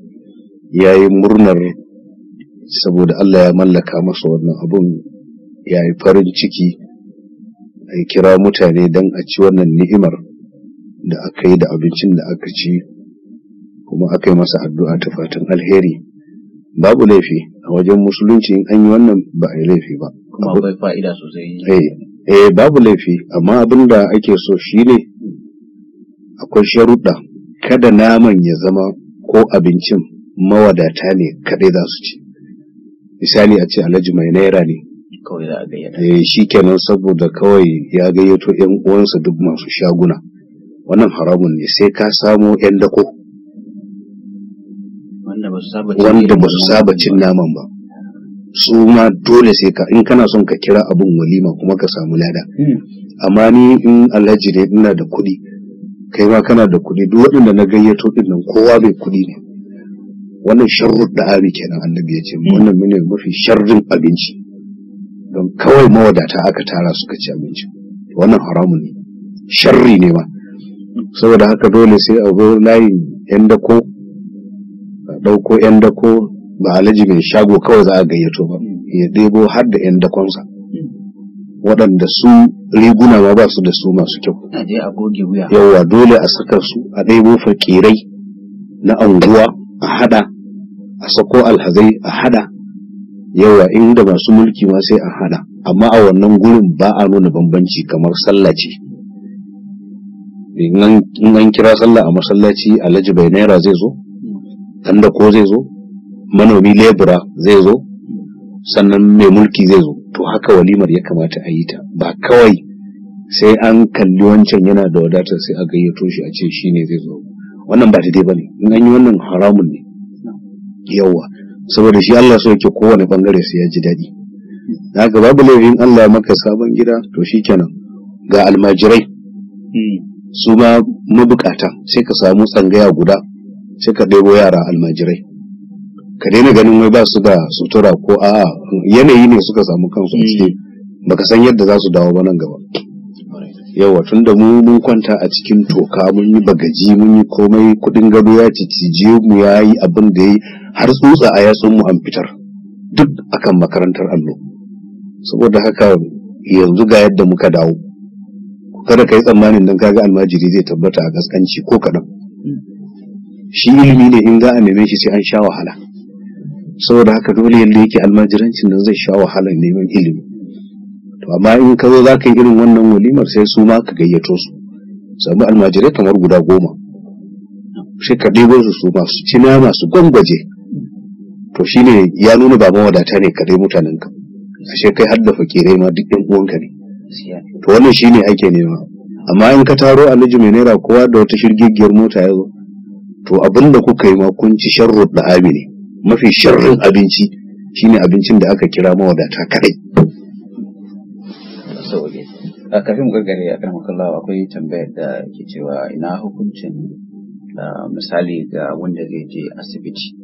ya yi murnar saboda Allah ya mallaka masa wannan abun ya yi farin ciki a kira mutane don a ci wannan ni'imar da aka yi da abincin da aka ci kuma aka yi masa addu'a ta fatan alheri babu laifi a wajen musulunci in an yi wannan ba a yi laifi ba kuma akwai fa'ida sosai eh, eh babu laifi amma abin da ake so shine akwai sharuɗa kada naman ya zama ko abincin mawadata ne kaɗai za su ci misali a ce alhaji mai naira ne kawai za a gayyata eh, shi kenan saboda kawai ya gayyato yan uwansa duk masu shaguna wannan haramun ne sai ka samo yan dako wanda ba su saba cin naman ba su ma dole sai ka in kana son ka kira abun walima kuma ka samu lada hmm. amma ni in alhaji ne ina da kuɗi kai ma kana da kuɗi duk waɗanda na gayyato din nan kowa bai kuɗi ne wannan sharrud da abi kenan annabi ya ce hmm. wannan mene mafi sharrin abinci don kawai mawadata aka tara suka ci abinci wannan haramun ne sharri ne ba. saboda haka dole sai a zo layin yan ko ɗauko 'yan dako ba alhaji bin shago kawai za a gayyato ba ya ɗebo har da 'yan dakonsa waɗanda su riguna ma ba su da su masu kyau yawwa dole a saka su a ɗebo fakirai na anguwa a hada a sako alhazai a hada yawa inda masu mulki ma sai a hada amma a wannan gurin ba a nuna bambanci kamar sallaci in an kira sallah a masallaci alhaji bai naira zai zo dan ko zai zo manomi lebura zai zo sannan mai mulki zai zo to haka walimar ya kamata a yi ta ba kawai sai an kalli wancan yana da wadatar sai a gayyato shi a ce shi ne zai zo wannan ba daidai ne. in an yi wannan haramun ne yawa saboda shi Allah so yake kowane bangare sai ya ji daɗi haka babu laifin Allah maka sabon gida to shi kenan. ga almajirai hmm. su ma mabukata sai ka samu tsangaya guda sai ka ɗebo yara almajirai ka daina ganin wai ba su da sutura ko a'a yanayi ne suka samu kansu a hmm. ciki baka san yadda za su dawo ba nan gaba yawa tun da mu mun kwanta a cikin toka mun yi bagaji mun yi komai kudin gado ya cicije mu ya yi abin da ya yi har tsutsa a yatsun mu an fitar duk akan makarantar allo saboda haka yanzu ga yadda muka dawo kada ka yi tsammanin don kaga almajiri zai tabbata a gaskanci ko kaɗan hmm. shi ilimi ne in za a neme shi sai an sha wahala saboda haka dole yadda yake almajirancin nan zai sha wahala neman ilimi to amma in ka zo za ka yi irin wannan walimar sai su ma ka gayyato su samu almajirai kamar guda goma sai ka ɗebo su su masu ci nama su gwangwaje to shine ya nuna ba mawadata ne kadai mutanen ka ashe kai har da fakirai ma duk ɗan uwanka ne to wannan shine ake nema amma in ka taro aliji mai naira kowa da wata shirgigiyar mota ya zo to abin da kuka yi ma kun ci sharrud da ne mafi sharrin abinci shine abincin da aka kira mawadata kadai a kafin gargare a kan akwai tambayar da ke cewa ina hukuncin misali ga wanda zai je asibiti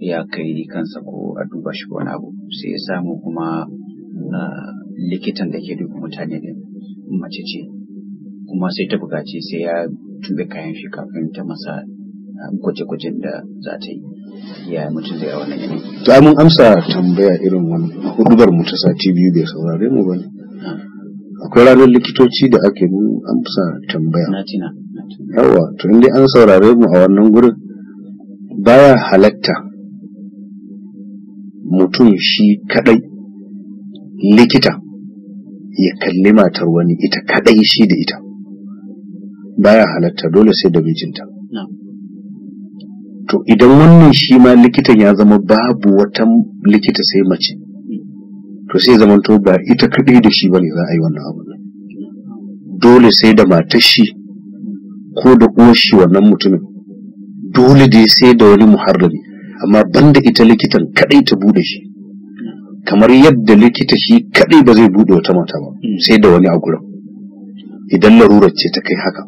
ya kai kansa ko a duba shi wani abu sai ya samu kuma likitan da ke duba mutane ne mace ce kuma sai ta bukaci sai ya tube kayan shi kafin ta masa gwaje-gwajen da za ta yi ya mutum zai a wannan yanayi. To mun amsa tambaya irin wani hudubar mu ta sati biyu bai saurare mu bane. Akwai ranar likitoci da ake mun amsa tambaya. Na Yawa to inda an saurare mu a wannan gurin baya halatta mutum shi kadai likita ya kalli matar wani ita kadai shi da ita baya halatta dole sai da mijinta. to idan wannan shi ma likitan ya zama babu wata likita sai mace to sai zaman to ba ita kaɗai da shi bane za a yi wannan abu dole sai da matar shi ko da uwar shi wannan mutumin dole dai sai da wani muharrami amma banda ita likitan kaɗai ta bude shi kamar yadda likita shi kaɗai ba zai bude wata mata ba sai da wani a idan larurar ce ta kai haka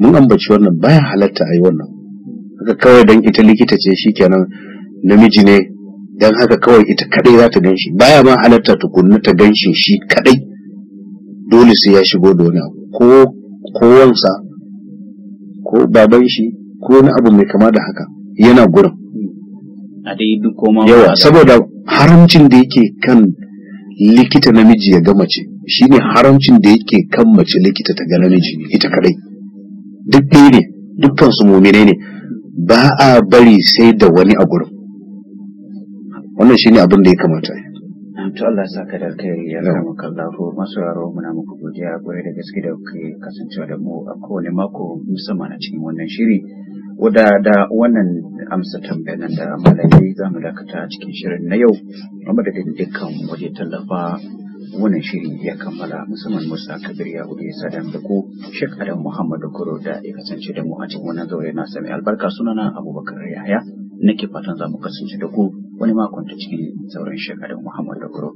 mun ambaci wannan baya halatta a yi wannan haka kawai dan ita likita ce shi kenan namiji ne dan haka kawai ita kadai za ta gan shi baya ma halatta tukunna ta gan shi shi kadai dole sai ya shigo da wani ko ko wansa ko baban shi ko wani abu mai kama da haka yana gurin a dai duk koma yawa saboda haramcin da yake kan likita namiji ya ga mace shine haramcin da yake kan mace likita ta ga namiji ita kadai duk ne dukkan su mumine ne ba a bari sai da wani a gurin wannan shine abin da ya kamata to Allah sa ka da alkhairi ya kama kallahu masu yaro muna muku godiya gore da gaske da kuke kasancewa da mu a kowane mako musamman a cikin wannan shiri wadda da wannan amsa tambayar da malaki za mu dakata cikin shirin na yau amma da dukkan waje tallafa wannan shiri ya kammala musamman Musa Kabir ya ya sadan da ko shek Adam Muhammadu kuro da ya kasance da mu a cikin wannan zaure na sami albarka sunana Abubakar Yahaya nake fatan za mu kasance da ku wani makon ta cikin sauran shek Adam Muhammadu Koro